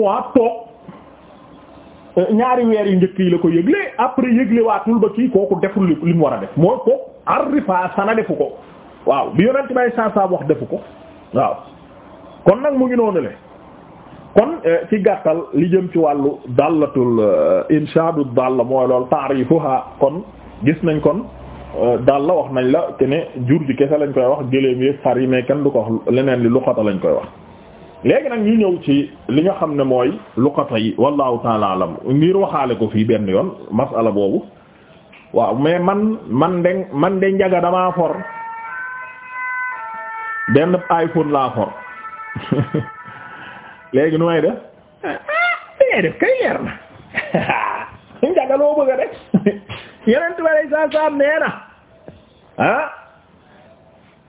mois toog euh, ñaari weer yi njëkk yi la ko yëgle après yëgle waatul ba ki kooku deful li mu war a def moo ko arrifa sana defu ko waaw bi yonent bay sansa wax defu ko waaw kon nag mu ngi noonu le kon euh, ci gàttal li jëm ci wàllu dàllatul euh, inshaadu dàll mooy loolu taarifuha kon gis nañ kon dàll wax nañ la te ne jur ji kese lañ koy wax gëléem yi xar yi mais kenn du ko wax leneen li luxata lañ koy wax léegi nag ñu ñëw ci li nga xam ne mooy lu yi wallahu taala ngir waxaale ko fii benn yoon masala boobu waaw mais man man de man de njaga damaa for benn iPhone laa for léegi nu may def ah, li def kay leer na njaga loo bëgg a def yeneen tubaab saa saa nee na ah.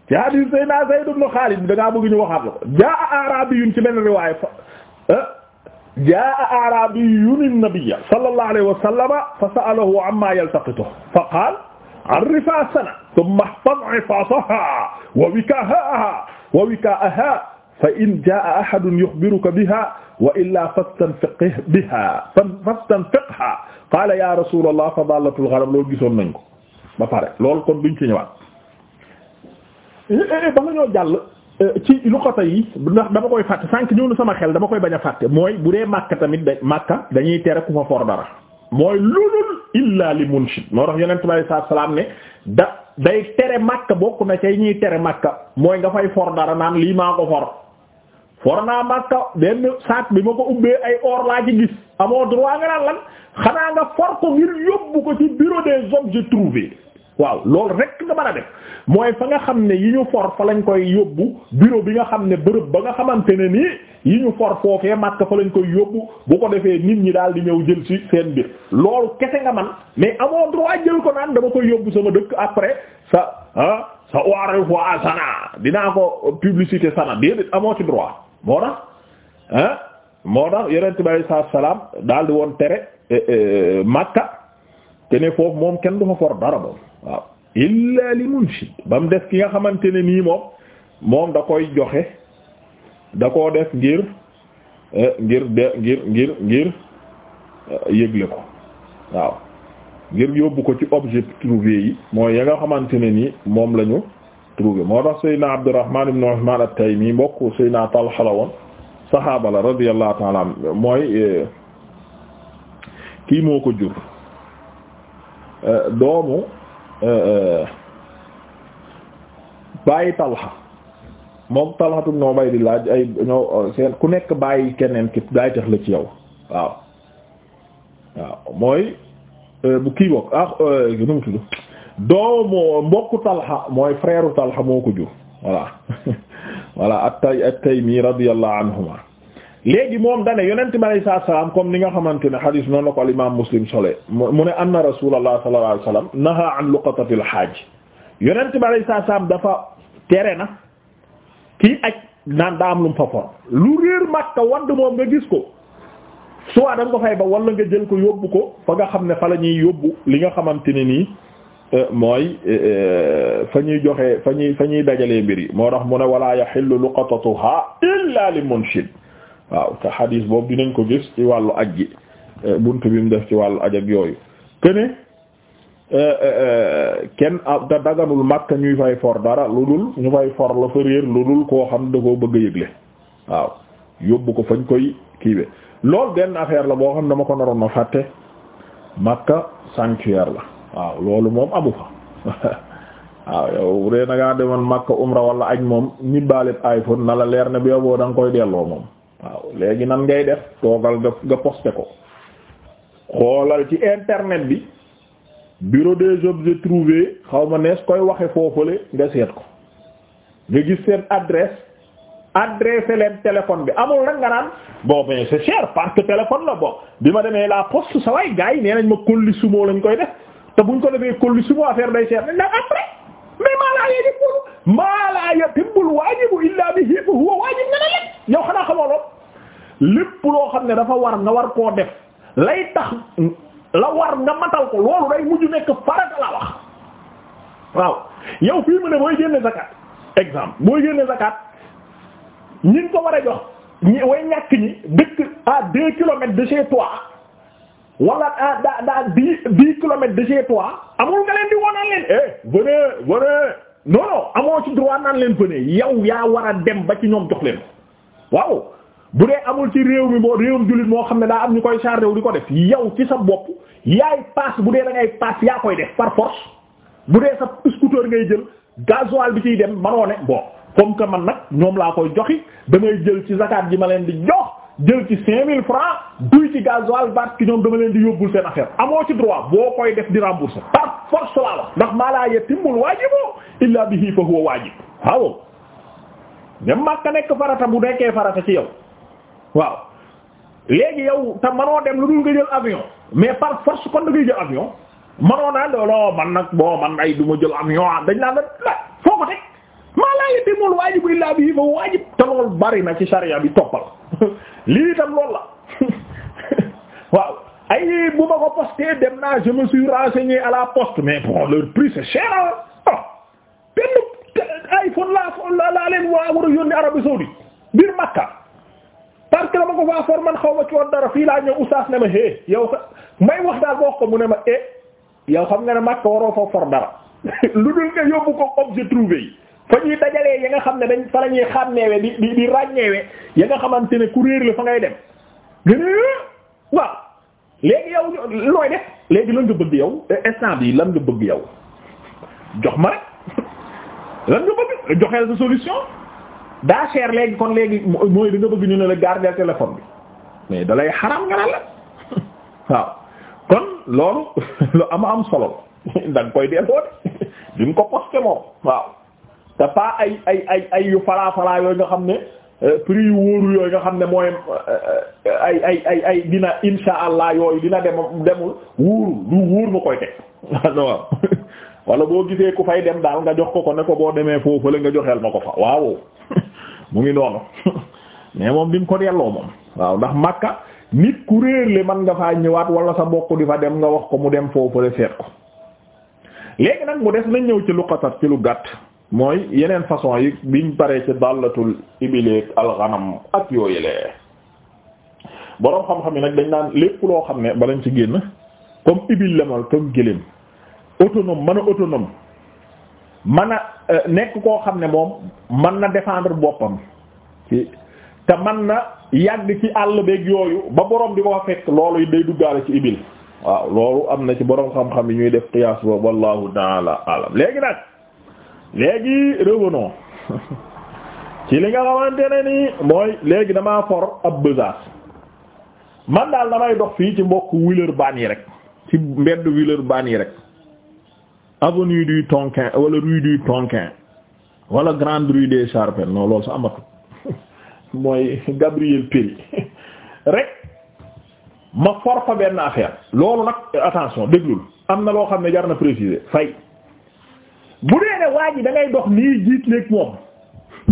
ci hadith sayna Zayd ibn Khalid bi da ngaa bëgg ñu waxaat la ko jaa arabiyun ci benn riwaaya fa ah, jaa arabiyun an-nabiyya sallallahu alayhi wa sallam fa sa'alahu amma yaltaqituhu fa qala arrifasana thumma ihfaz ifasaha wa wikahaha wa wikaaha fa in jaa ahadun yukhbiruka biha wa illa fastanfiqh biha fastanfiqha qala ya rasul allah fa dallatul gharam loolu gisoon nañ ko ba pare loolu kon duñ ci ñëwaat Eh, eh, ba nga ñoo jàll eh, ci luqata yi bu ndax dama koy fàtte sànq ñëw sama xel dama koy bañ a fàtte mooy bu dee Makka tamit da dañuy tere ku fa for dara mooy lulul illa li munshid moo tax yonent bi alayhi salaam ne da day tere Makka bokk na ci ñuy tere Makka mooy nga fay for dara naan lii maa ko for for naa Makka benn saak bi ma ko ubbee ay or laa ci gis amoo droit nga naan lan xanaa nga for ko ngir yóbbu ko ci bureau des objets trouvés waaw loolu rek nga mën a def mooy fa nga xam ne yi ñu for fa lañ koy yóbbu bureau bi nga xam ne bërëb ba nga xamante ne nii yi ñu for foofee màkk fa lañ koy yóbbu bu ko defee nit ñi daal di ñëw jël ci seen biir loolu kese nga man mais amoo droit jël ko naan dama koy yóbbu sama dëkk après sa ah sa oare fois sana dinaa ko publicité sana déedéet amoo ci droit moo tax ah moo tax yonent bi alayhi daal di woon tere eh, eh, Makka te ne foofu moom kenn du fa for waaw illa li munshid ba mu def ki nga xamante ne nii moom moom da koy joxe da koo def ngir eh, ngir de ngir ngir eh, yëgle ko waaw ngir yóbbu ko ci objet trouvé yi mooy ya nga xamante ne ni moom lañu ñu trouvé moo tax Seydina Abdurrahman ibn Uthman at-Taymi mbokk Seydina Talha la woon saxaaba la radiyallahu ta'ala mooy eh, kii moo ko jur doomu Euh, euh, bàyyi Talha moom Talha tum noo bay di laaj ay seen ku nekk bàyyi keneen ki daay tax la ci yow waaw waaw mooy euh, bu kii bokk ah nu mu doomu mbokku Talha mooy frère Talha moo ko jur voilà voilà at-Taymi radiyallahu anhuma léegi moom dane yonent bi alayhi salaatu salaam comme ni nga xamante ne xadiis noonu la ko al imaam Muslim sole mu ne anna rasuulallah sallallahu alayhi wasallam naha an luqatatil haaj yonent bi alayhi salaatu salaam dafa tere na kii aj naan daa am lu mu fa for lu réer Makka wadd moom nga gis ko soo da ko fay ba wala nga jël ko yóbbu ko fa nga xam ne fa la ñuy yóbbu li nga xamante ne nii euh, mooy euh, euh, fa ñuy joxe fa ñuy fa ñuy dajalee mbir yi moo tax mu ne wala yaxillu luqatatuha illa waaw te xadiis boobu dinañ ko gis ci wàllu aj gi eh, buntu bi mu def ci wàllu aj ak yooyu kene eh, eh, kenn daganul Makka ñuy fay for dara lu dul ñu fay for la fa réer lu dul koo xam da koo bëgg yëgle waaw yóbbu ko fañ koy kiibe loolu benn affaire la boo xam dama ko naroon na fàtte Makka sanctuaire la waaw loolu moom amu fa waaw yow ree na ngaa demoon Makka ra wala aj moom nit baaleb iPhone na la leer ne bi yoboo da nga koy delloo moom waaw léegi nan ngay def toogal nga nga posté ko xoolal ci internet bi bureau des objets trouvés xaw ma nees koy waxe foofule nga seet ko nga gis seen adresse adressé leen téléphone bi amul nag nga naan bon mais c'est cher parce que téléphone la bon bi ma demee la poste sa waay gars nee nañ ma colis sumo lañ koy def te buñ ko defee colis sumo affaire day cher dañ nag après mais maa laa yee di maa laa yatimbul waajibu illaa bihi huwa waajib nga ne yow xanaa xamoo lool lépp loo xam ne dafa war nga war koo def lay tax la war nga matal ko loolu day mujj nekk farata la wax waaw yow fii mu ne booy génne zakat exemple booy génne zakat ñi ko war a jox ñi way ñàkk ñi dëkk à deux kilomètres de chez toi wala à da da dix de chez toi amul nga leen di wonaan leen eh venez venez non non amoo ci droit nan leen venez yow yaa war a dem ba ci ñoom jox leen waaw bu dee amul ci réew mi moo réewum jullit moo xam ne daa am ñu koy chargé wu di ko def yow ci sa bopp yaay paas bu dee dangay ngay yaa koy def par force bu dee sa scooter ngay jël gasoil bi ciy dem manoo ne bon comme que man nag ñoom laa koy joxi damay jël ci zakat ji ma leen di jox jël ci cinq mille francs duy ci gasoil baat ki ñoom dama leen di yóbbul seen affaire amoo ci droit boo koy def di rembourser par force laa wax ndax maa laa yetimmul waajibu illa bihi fa huwa waajib waaw même ka nekk farata bu nekkee farata ci yow waaw léegi yow te manoo dem lu dul nga jël avion mais par force kon da jël avion manoo naa looloo man nag boo man ay du ma jël avion ah dañ naan la foo ko teg maa laa yëg te mool waajib illaa bi fa waajib te loolu bari ci sariya bi toppal lii itam loolu la waaw ay bu ma ko posté dem naa je me suis à la poste mais bon leur prix c'est cher ah iPhone laa laa leen waa war a yónni Arabie saoudite biir Makka parce que dama ko faa for man xaw ma ci dara fii laa ñëw oustaz ne ma hé yow sax may wax daal wax ko mu ne ma eh, yow xam nga ne ma waroo fa for dara lu dul nga yóbbu ko objet trouvé yi fa ñuy dajalee ya nga xam ne dañ fa la ñuy xàmmeewe di di di ràññeewe ya nga xamante ne ku réer la fa ngay dem gën léegi yow looy def léegi lan nga bëgg yow eh, instant bi lan nga bëgg yow jox ma rek lan nga bëgg joxeel sa solution daa cher léegi kon léegi mooy da bëgg ñu ne la garder téléphone bi mais dalay xaram nga la waaw kon loolu lu am am solo da koy delloo de duñ ko posté moom waaw te pas ay ay ay ay yu falaa falaa yooyu nga xam ne euh, prix yu wóoru yooyu nga xam ne mooy euh, ay ay ay dina insha allah yooyu dina dem demul wóoru lu wóor ma koy teg waaw wala boo gisee ku fay dem daal nga jox ko ko ne ko boo demee foofu la nga joxeel na ko fa waaw mu ngi noonu mais moom di ko delloo moom waaw ndax makka nit ku li man nga faa ñëwaat wala sa mbokk di fa dem nga wax ko mu dem foofu la seet ko léegi nag mu des nañ ñëw ci lu xatar ci lu gàtt mooy yeneen façon yi biñ paree ci dàllatul ibileeg alxanam ak yooyulee boroom xam-xam yi nag dañ naan lépp loo xam ne balañ ci génn comme ibil la mal comme autonome man a autonome mën a euh, nekk koo xam ne moom man na défendre boppam te man na yàgg ci àll beeg yooyu ba boroom di ko fekk loolu day duggaale ci ibil waaw loolu am na ci boroom xam-xam yi ñuy def qiyaas boobu wallahu taala alam léegi nag léegi revenons ci li nga xamante ne nii mooy léegi damaa for ab besace man daal damay dox fii ci mbokk Villeurbanne yi rek ci mbedd Villeurbanne yi rek avenue du Tonkin wala rue wala grande rue des Charpentes non loolu sa amatul mooy Gabriel Péri rek ma for fa benn affaire loolu nag attention déglul am na loo xam ne jar na préciser fay bu dee ne waa ji da dox nii jiit nekk moom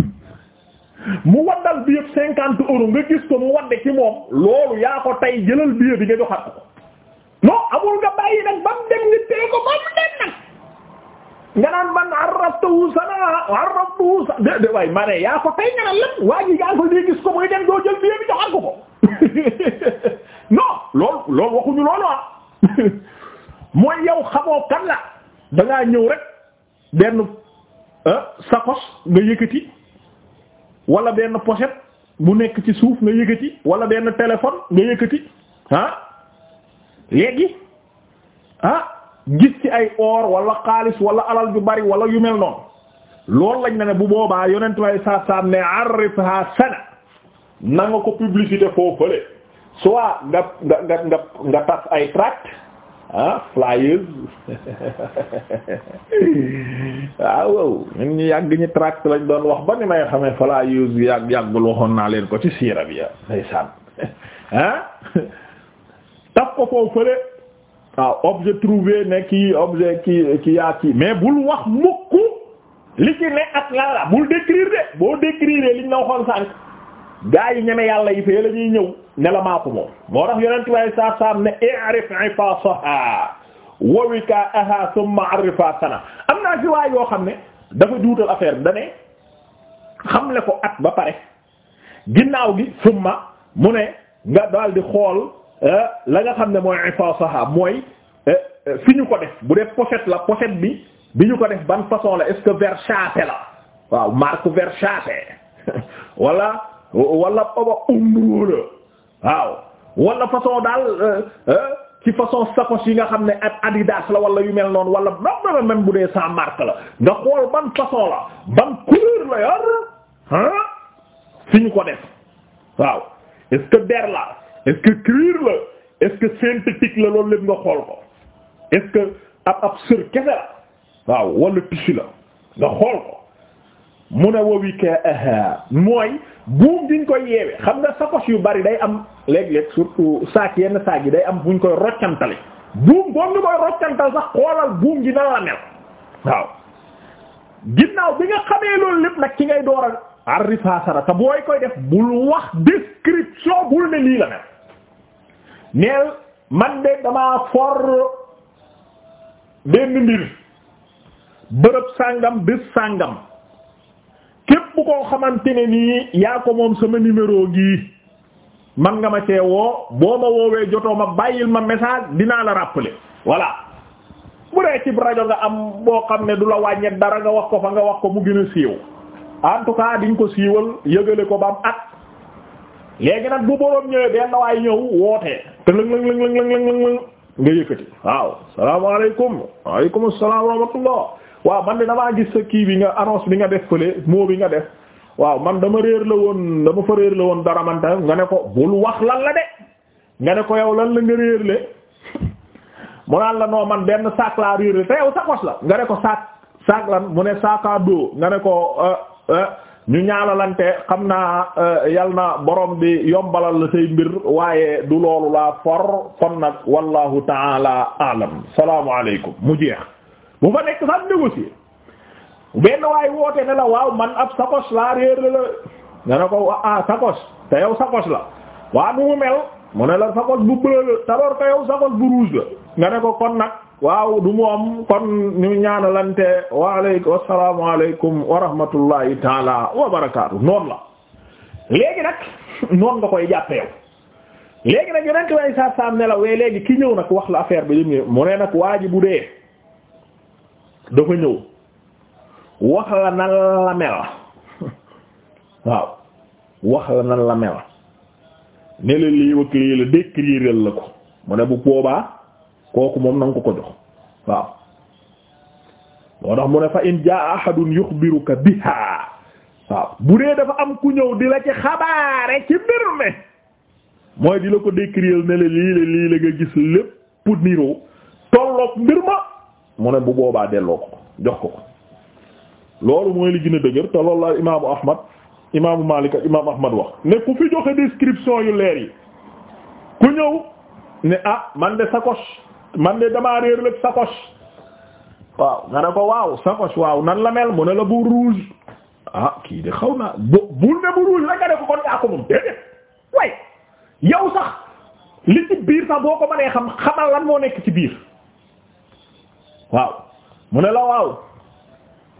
mu waddal bi yëpp cinquante euros nga gis ko mu wadde ci moom loolu yaa ko tay jëlal billet bi nga joxat ko non amul nga bàyyi nag ba mu dem nga téye ba mu dem nag nga naan man arraftahu sana arraftahu sana de de waaye ma ne yaa ko tey nga naan lan waa ji yaa ko di gis ko muy dem doo jël billet bi joxal ko ko non loolu loolu waxuñu loolu ah mooy yow xamoo kan la da ngaa ñëw rek benn ah, sakos nga yëkkati wala benn pochette bu nekk ci suuf nga yëkkati wala benn téléphone nga yëkkati ah léegi ah. gis ci ay or wala xaalis wala alal ju bari wala yu mel noonu loolu lañ na ne bu boobaa yonent way saa saa ne arrifha sana na nga ko publicité foofale soit nga nga nga nga nga ay tract ah flyers waaw waaw ñun ñu yàgg ñu tract lañ doon wax ba ni may xamee flyers yàgg yàggul waxoon naa leen ko ci siira bi ya ndeysaan ah tas ko foofale waaw objet trouvé ne kii objet ki ki yaa kii mais bul wax mukk li ci ne ak lan bul décrire de boo décrire liñ la waxoon sànq gaa yi ñeme yàlla yi fee la ñëw ne la maa ko moom moo tax yonent way sa am naa ci waay yoo xam ne dafa juutal affaire bi dane xam le ko at ba pare ginnaaw gi summa mu ne nga daal di xool Euh, la nga xam ne mooy ifaasaha mooy euh, euh, fi ñu ko def bu dee pochette la pochette bi bi ñu ko def ban façon la est-ce que versace la waaw marque versace wala walla oba umru la waaw wala façon daal ci façon sacoche yi nga xam ne ak Adidas la wala yu mel noonu wala même même bu dee sans marque la nga xool ban façon la ban couleur la yor fi ñu ko def waaw est-ce que der la est-ce que cuir la est-ce que synthétique la loolu lépp nga xool ko est-ce que ab ab sër kese la waaw wala tissu la nga xool ko mu ne wa mooy buum diñ koy yeewee xam nga sacoche yu bari day am léeg-léeg surtout saak yenn saak yi day am buñ koy roccantale buum goon ñu koy roccantal sax xoolal buum gi nan la mel waaw ginnaaw bi nga xamee loolu lépp nag ci ngay dooral arrifasara te booy koy def bul wax description bul ne lii la mel neel man de damaa for benn mbir bërëb sàngam bés sàngam képp koo xamante ne nii yaa ko moom sama numéro gi man nga ma ceewoo boo ma woowee jotoo ma bàyyil ma message dinaa la rappeler voilà bu dee ci rajo nga am boo xam ne du la wàññet dara nga wax ko fa nga wax ko mu gën a siiw en tout ko siiwal yëgale ko ba at léegi nag bu boroom ñëwee benn waay ñëw wootee te lëng lëng lëng lëng lëng nga yëkkati waaw salaamaaleykum waaleykum salaam wa rahmatullah waaw man de damaa gis sa kii bi nga annonce bi nga def fële moo bi nga def waaw man dama réer la woon dama fa réer la woon dara man tamit nga ne ko bul wax lan la de nga ne ko yow lan la nga réer le mu naan la noo man benn sac laa réer le te yow sa kos la nga ne ko sac sac lan mu ne sac à nga ne ko euh, euh, ñu ñaalalante xam naa euh, yal na borom bi yombalal la say mbir waaye du loolu laa for kon nag wallahu taala alam salaamaaleykum mu jeex bu fa nekk sax négocier benn waaye woote ne la waaw man ab sakos laa réer la nga ne ko ah, ah sakos te yow sakos la waa nu mel mu ne la sakos bu bleu la taroor te yow sakos bu rouge la nga ne ko kon nag waaw du moom kon ñu ñaanalante wa aleykum aleykum wa rahmatullahi taala wa la léegi nag noonu nga koy jàppeew léegi nag yonent way sa saam ne la léegi ki ñëw nag wax la affaire bi lim mu ne nag waa ji bu dee dafa ñëw wax la waaw wax la nan la mel ne lii wëkk lii la ko mu ne bu boobaa kooku moom na ko ko jox waaw moo tax mu ne fa in jaa ahadun yuxbiruka biha waaw bu dee dafa am ku ñëw di la ci xabaare ci mbir mooy di ko décrire ne la lii la lii la nga gis lépp niroo tolloog mbir mu ne bu boobaa delloo ko jox ko ko loolu mooy li gën a dëgër te la imaamu ahmad imaamu malik imaamu ahmad wax ne ku fi joxe description yu leer yi ku ñëw ne ah man de sacoche man de damaa réer lépp sacoche waaw nga ne ko waaw sacoche waaw nan la mel mu ne bu rouge ah kii de xaw na bu bul ne bu rouge la nga ne ko kon yaa moom déedéet way yow sax li ci biir sax boo ko mënee xam xamal lan moo nekk ci biir waaw mu ne la waaw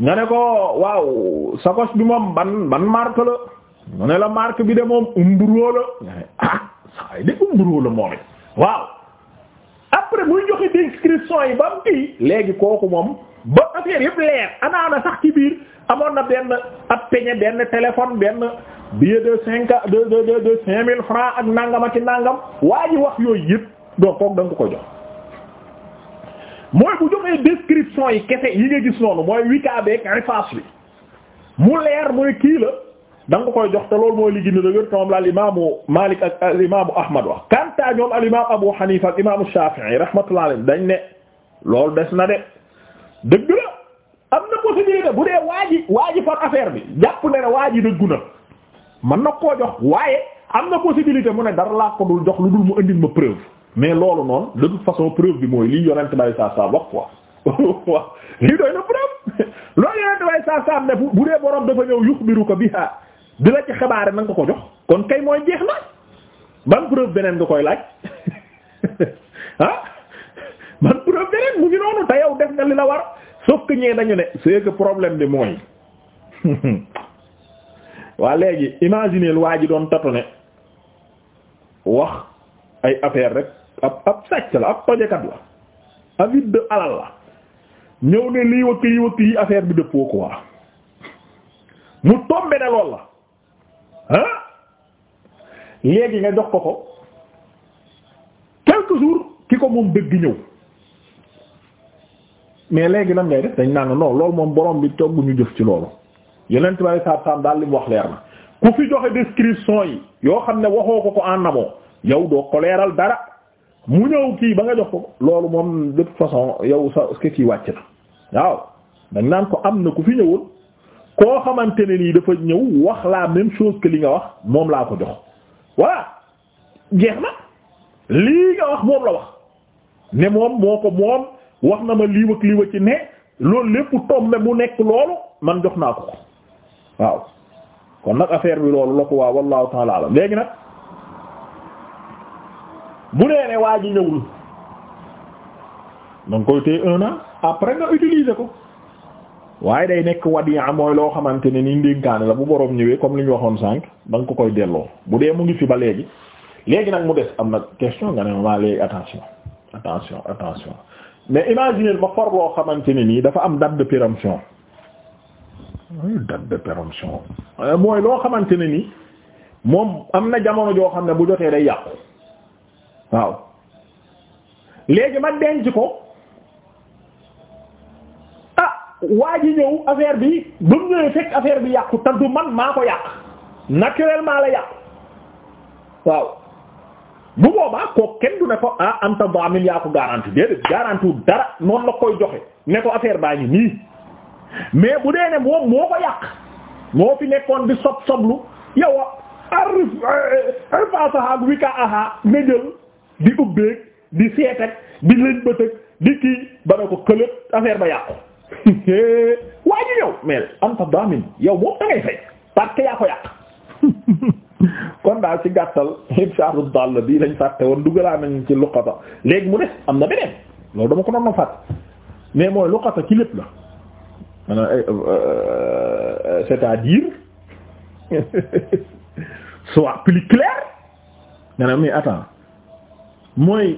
nga ne ko waaw sacoche bi moom ban ban marque la mu bi de moom Umbro nga ne ah saa yi de Umbro la waaw. après muy joxe description yi ba mu kii léegi kooku moom ba affaire yëpp leer anaana sax ci biir amoon na benn ab peñe benn téléphone benn billet de cinq de de de cinq mille francs ak nangam ak nangam waa ji wax yooyu yëpp donc kooku da nga ko jox. mooy bu joxee description yi kese yi nga gis noonu mooy wikaabeeg rifaas bi mu leer mooy kii la. da nga koy jox te loolu mooy li gën a dëgër te la al Malik ak al Ahmad wax kanta ñoom al Abu Hanifa ak imaamu Shafi'i rahmatullah dañ ne loolu des na de dëgg la am na possibilité bu dee waa ji waa ji bi jàpp ne ne waa dëggu na mën na koo jox waaye am na possibilité mu ne dara laa ko dul jox lu dul mu indil ma preuve mais loolu noonu de toute façon preuve bi mooy lii yonent bay saa wax quoi waaw lii doy na preuve dina la ci xabaare na ko jox kon kay mooy jeex na ban preuve beneen nga koy laaj ah ban preuve beneen mu ngi noonu te yow def nga li la war sauf que ñee dañu ne c'est que problème bi mooy waa léegi imagineel waa ji doon tato ne wax ay affaire rek ab ab sàcc la ab tojekat la avide de alal la ñëw ne lii wakk yi wakk yi affaire bi dëppoo quoi mu tombe ne lool la ah léegi nga jox ko ko quelques jours ki ko moom dëgg ñëw mais léegi nag ngay def dañ naan non loolu moom borom bi togg ñu jëf ci loolu yeneen tubaab yi saabsaab daal li mu wax leer na ku fi joxe description yi yoo xam ne waxoo ko ko en amont yow doo ko leeral dara mu ñëw kii ba nga jox ko loolu moom de toute façon yow sa est wàcc na waaw dañ naan ko am na ku fi ñëwul. koo xamante ne nii dafa ñëw wax laa même chose que li nga wax moom laa ko jox voilà jeex na lii nga wax moom la wax ne moom moo ko moom wax na ma lii ak ci ne loolu lépp tombe mu nekk loolu man jox naa ko ko waaw kon nag affaire bi loolu la ko waaw wallahu taala léegi nag bu nee ne waa ji ñëwul danga koy téye un an après nga utiliser ko waaye day nekk wadiya mooy loo xamante ne ni ndénkaane la bu boroom ñëwee comme li ñu waxoon sànq da nga ko koy delloo bu dee mu ngi fi ba léegi léegi nag mu des am na question nga ne maa léegi attention attention attention mais imaginer ma for loo xamante ne nii dafa am date de péremption date de péremption euh, mooy loo xamante ne ni moom am na jamono joo xam ne bu jotee day yàqu waaw léegi ma denc ko. waa ji ñëw affaire bi ba mu ñëwee fekk affaire bi yàqu te du man maa ko yàq naturellement la yàqu waaw bu boobaa koo kenn du ne ko ah anta daamin yaa ko garanti déedéet garanti dara noonu la koy joxe ne ko affaire baa ngi nii mais bu dee ne moom moo ko yàq moo fi nekkoon di sob soblu yow arif eh, ifasahaag wi ka aha nga jël di ubbeeg di seet di lëñ di kii ba ne ko këlëb affaire ba yàqu waa ji ñëw mais anta damin yow moom da ngay fay parce yaa ko yàq kon daal ci gàttal ibsaaru dall bii lañ woon dugalaa nañ ci luqata léegi mu des am na beneen loolu dama ko noon na fàtt mais mooy luqata ci lépp la maanaam euh, euh, c'est-à-dire soit plus clair nga ne mais attends mooy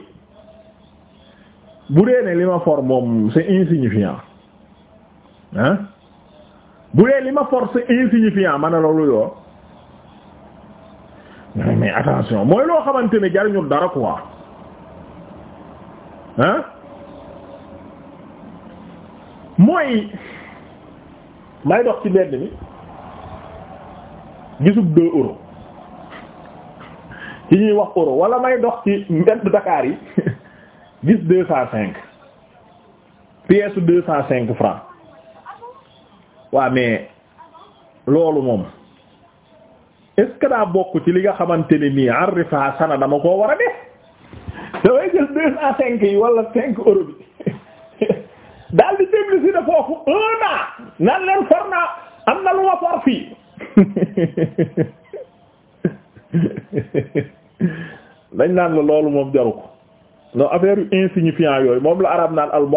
bu dee ne li ma for moom c'est insignifiant ah bu dee li ma force insignifiant ma ne loolu yoo mais attention mooy loo xamante ne jariñul dara quoi ah mooy may dox ci mbedd mi gisub deux euros ci ñuy wax euro wala may dox ci mbedd Dakar yi gis deux cent cinq pièce deux cent cinq francs waa mais loolu moom est daa bokk ci li nga xamante ni nii arrifa sana dama koo war a def daway jël deux cent cinq yi wala cinq euro bi daal di déglu si ne foofu un an naan leen for naa am na lu ma for fii dañ naan la loolu moom jaru ko noo affaire yu insignifiant yooyu moom la arab naan al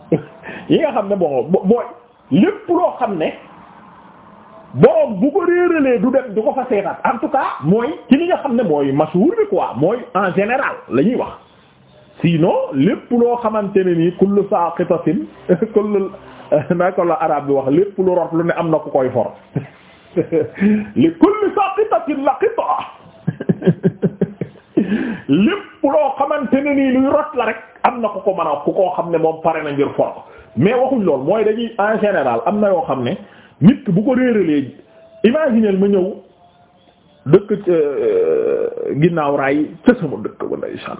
yi nga xam ne bon mooy lépp loo xam ne borom bu ko réeralee du dem du ko fa seetaat en tout cas mooy ci li nga xam ne mooy masuur bi quoi mooy en général la ñuy wax sinon lépp loo xamante ne nii kullu saqitatin kullu naa ko la arab bi wax lépp lu rot lu ne am na ku koy for li kulli saqitatin laqita lépp loo xamante nii luy rot la rek am na ku ko mën a ku koo xam ne moom pare na ngir for mais waxuñ lool mooy dañuy en général am na yoo xam ne nit bu ko réeralee imagineel ma ñëw dëkk euh, ginnaaw raay ca sama dëkk ba ndeysaan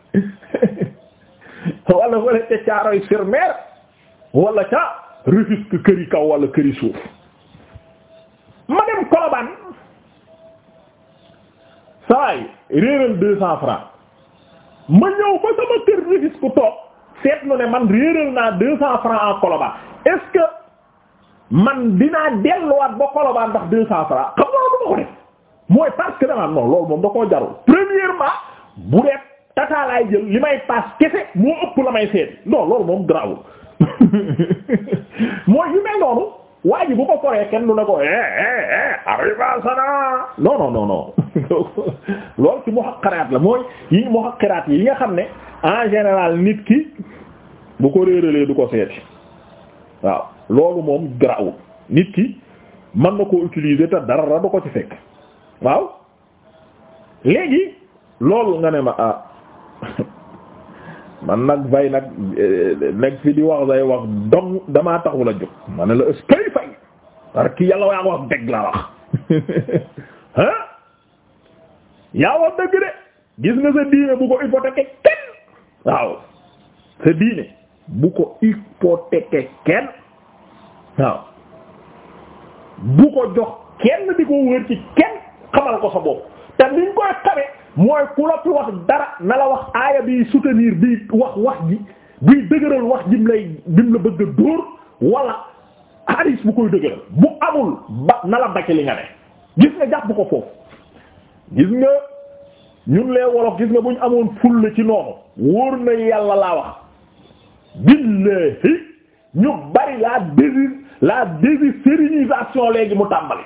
wala wala ca caaroy sur mer wala ca Rufisque këri kaw wala këri suuf ma dem Colobane saay réeral deux cents francs ma ñëw ba sama kër Rufisque toog seetlu ne man réeral naa deux cent francs en Colobane est-ce que man dinaa delluwaat ba Colobane ndax deux cent francs xam nga du ma ko def mooy parce que dama non loolu moom da jarul premièrement bu dee tata laay li may paas kese moo ëpp la may seet non loolu moom grawul mooy yu noonu waa ji bu ko foree kenn du ne ko eh, eh, eh, arriba sana non non non non loolu ci muhaqqaraat la mooy yi muhaqqaraat yi nga xam ne en général nit ki bu ko réeralee du ko seeti waaw loolu moom garaawul nit ki mën na ko utiliser te dara du ko ci fekk waaw léegi loolu nga ne ma ah man nag fay nag eh, nekk fi di wax say wax dong damaa taxul a jóg ma ne la est-ce fay parce que yàlla yaa wax dëgg laa wax ah yaa dëgg de gis nga sa diine bu ko hypothéquer kenn waaw sa diine bu ko hypothéquer kenn waaw bu ko jox kenn di ko wër ci kenn xamal ko sa bopp te niñ koy xame mooy ku wax dara na la wax aaya bi soutenir bi wax wax ji buy dëgëral wax jim lay jim la bëgg a dóor wala hadis bu koy dëgëral bu amul ba na la backe li nga ne gis nga jàpp ko foofu gis nga ñun lee wolof gis nga bu ñu amoon fulla ci noonu wóor na yàlla laa wax billahi ñu bari la dési la désistérinisation léegi mu tàmbali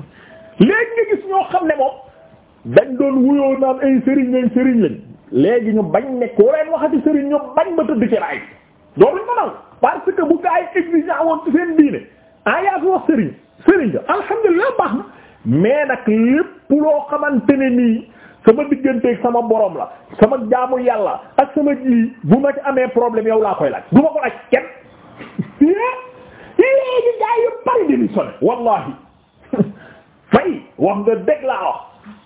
léegi nga gis ñoo xam ne moom dañ doon wuyoo naan ay sëriñ lañ sëriñ lañ léegi ñu bañ ne koo leen waxati sëriñ ñu bañ ba tëdd ci raay doon luñ manaw parce que bu gaa yi exigeant woon ci seen diine ah fi wax sëriñ sëriñ la alhamdulilah baax na mais nag lépp loo xamante ne nii sama digganteeg sama borom la sama jaamu yàlla ak sama ji bu ma ci amee problème yow laa koy laaj du ma ko laaj kenn léegi gaa yi bari di sonné wallahi fay wax nga dëgg laa wax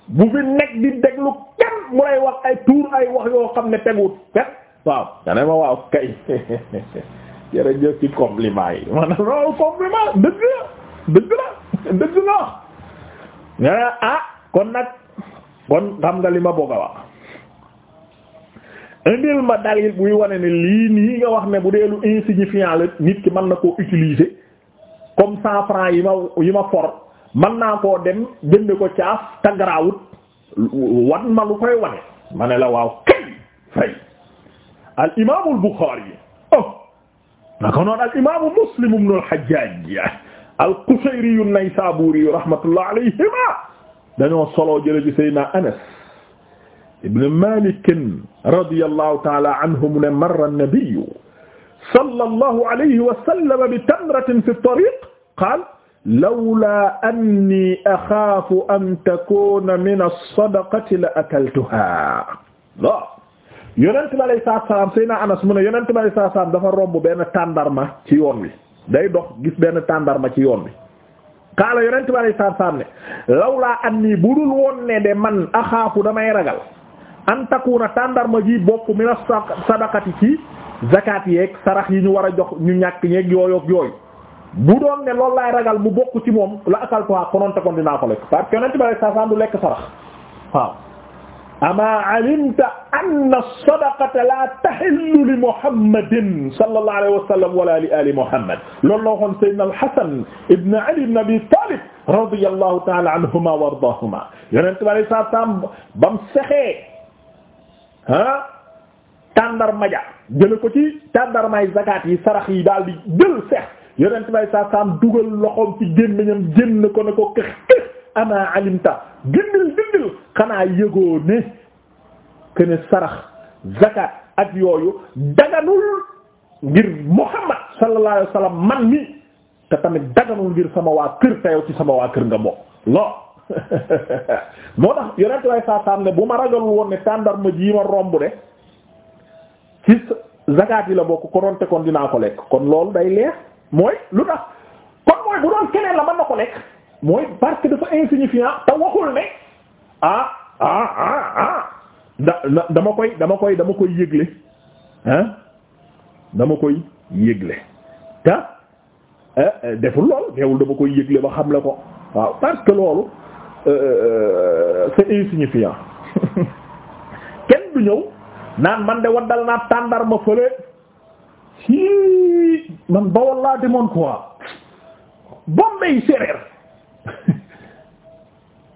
bu fi nekk di déglu kenn mu lay wax ay tuur ay wax yoo xam ne teguut fet waaw nga ne ma waaw kay jërëjëf ci compliment yi man loolu compliment dëgg la dëgg la dëgg la nga ah kon nag kon xam nga li ma bëgg a wax indil ma dalil buy wane ne lii nga wax ne bu dee lu insignifiant la nit ki man na koo utiliser comme cent francs yi ma yi ma for man naa koo dem jënd ko caaf tagrawut wan ma lu koy wane ma ne la waaw kay fay al imaamu al Buxaari oh naka noonu al imaamu Muslim ibn al Hajjaj al Qushayri yu Naysaburi yu rahmatullah alayhima dañoo solo jële ci Seydina Anas ibn Malik radiyallahu ta'ala anhu mu ne marra an-nabiyyu sallallahu alayhi wa sallam bi tamratin fi at-tariq qaala lawlaa anni axaafu an takuuna min as-sadaqati la akaltuhaa bon yonent bi alayhi salaatu salaam Seydina Anas mu ne yonent bi alayhi salaatu salaam dafa romb benn ci yoon wi day dox gis benn tàndarma ci yoon wi. kaala yonent bi alayhi salaatu salaam ne lawlaa anni budul woon ne de man axaafu damay ragal an takuuna tàndarma ji bokk min a sadaqati ci zakat yeeg sarax yi ñu war a jox ñu ñàkk ñeeg yooyu ak yooyu. bu doon ne loolu laay ragal mu bokk ci moom la asal ko kononte kon dinaa ko lekk parce que yonent bi alayhi salaam du lekk sarax waaw ama alimta anna sadaqata la tahillu li muhammadin sallallahu alayhi wa sallam wala li ali muhammad loolu la waxoon sayyidina al-hasan ibn ali ibn abi talib radiyallahu ta'ala anhuma wa ardaahuma yonent bi alayhi salaam bam sexee ah tàndarma ja jële ko ci tàndarmaay zakat yi sarax yi daal di jël sex yonent bay saa saam dugal loxoom ci gémmiñam génn ko ne ko këx këx ana alimta gindil gindil xanaa yëgoo ne kene sarax zakat ak yooyu daganul ngir muhammad sallallahu alayhi wasallam man mi te tamit daganul ngir sama waa kër te yow ci sama waa kër nga bokk loo moo tax yonent bay ne bu ma ragalul woon ne tàndarma ji ma romb de ci zakat yi la bokk ko te kon dinaa ko lekk kon loolu day leer mooy lu tax kon mooy bu doon keneen la mën na ko nekk mooy parce que dafa insignifiant te waxul ne ah ah ah, ah da dama koy dama koy dama koy yëgle ah dama koy yëgle te eh, eh, deful lool teewul dama koy yëgle ba xam la ko waaw parce que loolu euh, euh, c'est insignifiant kenn du ñëw naan man de waddal naa tàndarma fële. hii man bawol laa demoon quoi Bombay séeréer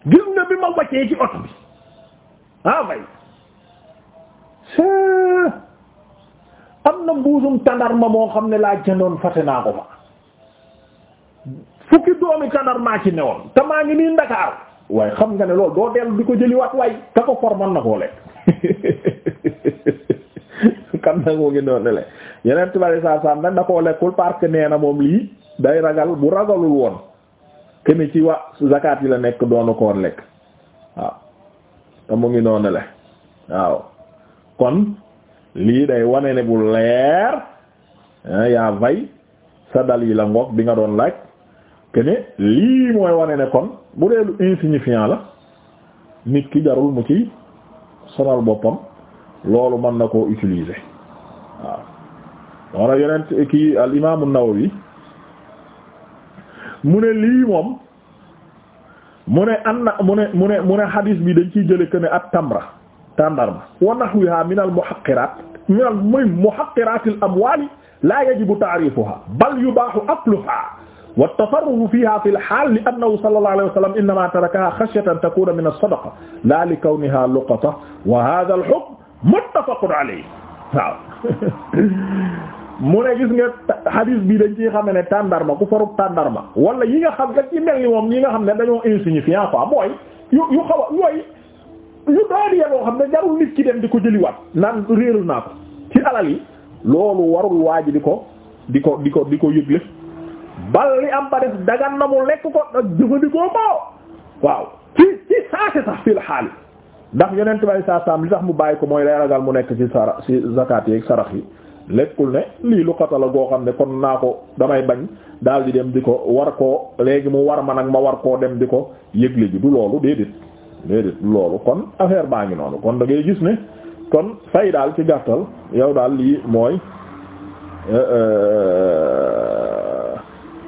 gis nga bi ma wàccee ci oto bi ah bay am na mbuusum tandarma moo xam ne laa jëndoon fàtte naa ko fa fukki doomi maa ci newoon te maa ngi nii Ndakaar waaye xam nga ne loolu doo dellu di ko jëliwaat waaye ka ko forman na koo lekk kan na ko ngi noonu le yeneen tubaab yi saa saa nag da koo lekkul parce nee na moom lii day ragal bu ragalul woon que ni ci wa zakat yi la nekk doonu ko woon lekk waaw te mu ngi noonu la waaw kon lii day wane ne bu leer yaa vay sa dal yi la ngoog di nga doon laaj que lii mooy wane ne kon bu dee lu insignifiant la nit ki jarul mu ci sonal boppam loolu mën na koo utiliser waaw. wala yeneen kii al imaamu Nawawi mu ne lii moom mu ne anna mu ne mu ne mu ne hadis bi dañ ciy jële que ne at tamra tàndarma wa nahwiha min al muhaqqirat min al muy muhaqqirat al amwali la yajibu ta'rifuha bal yubahu akluha wa tafarrufu fiha fi al hal li annahu sallallahu alayhi wa sallam innama tarakaha khashyatan takuna min as-sadaqa la li kawniha luqata wa hadha al hukm muttafaqun alayhi waaw mu ne gis nga hadis bi dañ ciy xam ne tàndarma ku farub tàndarma wala yi nga xam rek ci mel ni moom ñi nga xam ne dañoo insignifiant quoi mooy yu yu xaw a yooyu yu doon yeboo xam ne jarul nit ki di ko jëliwaat naan réeral naa ko ci alal yi loolu warul waaj di ko di ko di ko di ko yëgle bal li am ba def dagan na mu lekk ko ak jëfandikoo moo waaw ci ci saase sax fii la xaalis ndax yonent bay saa li tax mu bàyyi ko mooy lay ragal mu nekk ci sara ci zakat yi sarax yi lekkul ne lii lu xata la goo xam ne kon naa ko damay bañ daal di dem di ko war koo léegi mu war ma nag ma war koo dem di ko yëgle ji du loolu déedéet déedéet loolu kon affaire baa ngi noonu kon da gis ne kon fay daal ci gàttal yow daal lii mooy euh, euh,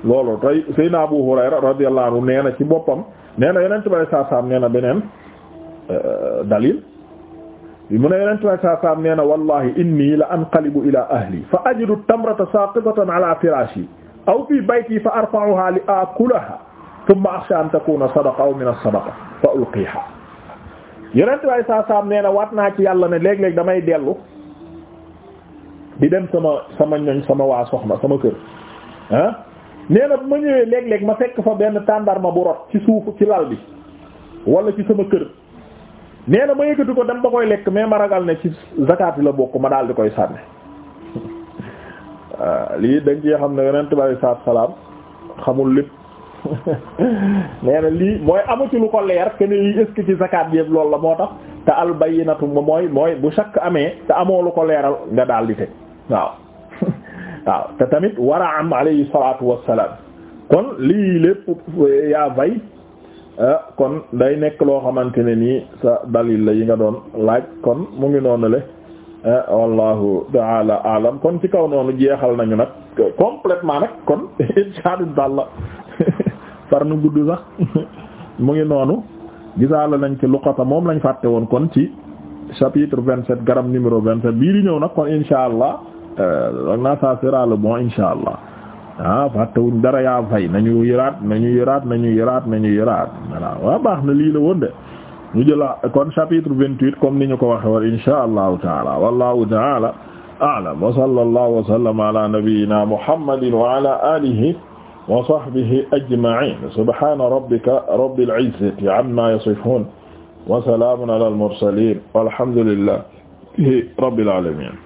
loolu tey Seydina Abu Hurayra radiyallahu anhu nee na ci boppam nee na yeneen tubaab yi saa saam na beneen euh, dalil. mu ne yonent bi saa saam nee na wallahi inni la anqalibu ila ahli fa ajidu tamrata saqitatan ala firashi aw fi bayti fa arfa'uha li akulaha thumma akhsha an takuna sadaqa aw min as-sadaqa fa ulqiha yonent bi saa saam nee na waat naa ci yàlla ne léeg-léeg damay dellu di dem sama sama ñoñ sama waa soxna sama kër ah nee na bu ma ñëwee léeg-léeg ma fekk fa benn tàndarma bu rot ci suuf ci lal bi wala ci sama kër nee ma yëkkati ko dem ba koy lekk mais ma ragal ne ci zakat la bokk ma daal di koy sànni lii dañ ci xam ne yonent bi alayhi salaam xamul lépp nee lii mooy amu lu ko leer kenn ne lii est ci zakat yëpp loolu la moo tax te al bayyinatu mooy mooy bu chaque amee te amoo lu ko leeral nga daal di teg waaw waaw te tamit war a am alayhi salaatu wassalaam kon lii lépp yaa vay Ah, kon day nekk loo xamante ne nii sa dalil la yi nga doon laaj kon mu ngi noonu le ah, wallahu taala alam kon ci kaw noonu jeexal nañu nag complètement nag kon insaadu dal la par nu gudd sax mu ngi noonu gisaala nañ ci luqata moom lañ fàtte woon kon ci chapitre vingt-sept garam numéro vingt-sept bii di ñëw nag kon insha allah nag eh, naa ça sera le bon insha allah ah fàttewuñ dara yaa fay nañu yëraat nañu yëraat nañu yëraat nañu yëraat voilà waaw baax na lii la woon de ñu jëla kon chapitre vingt-huit comme ni ñu ko waxe war insha allahu taala wallahu taala a'lam wa sallallahu wa sallama ala nabiyyina muhammadin wa ala alihi wa sahbihi ajma'in subhana rabbika rabbil izzati amma yasifun wa salamun ala al mursalin walhamdulillahi rabbil alamin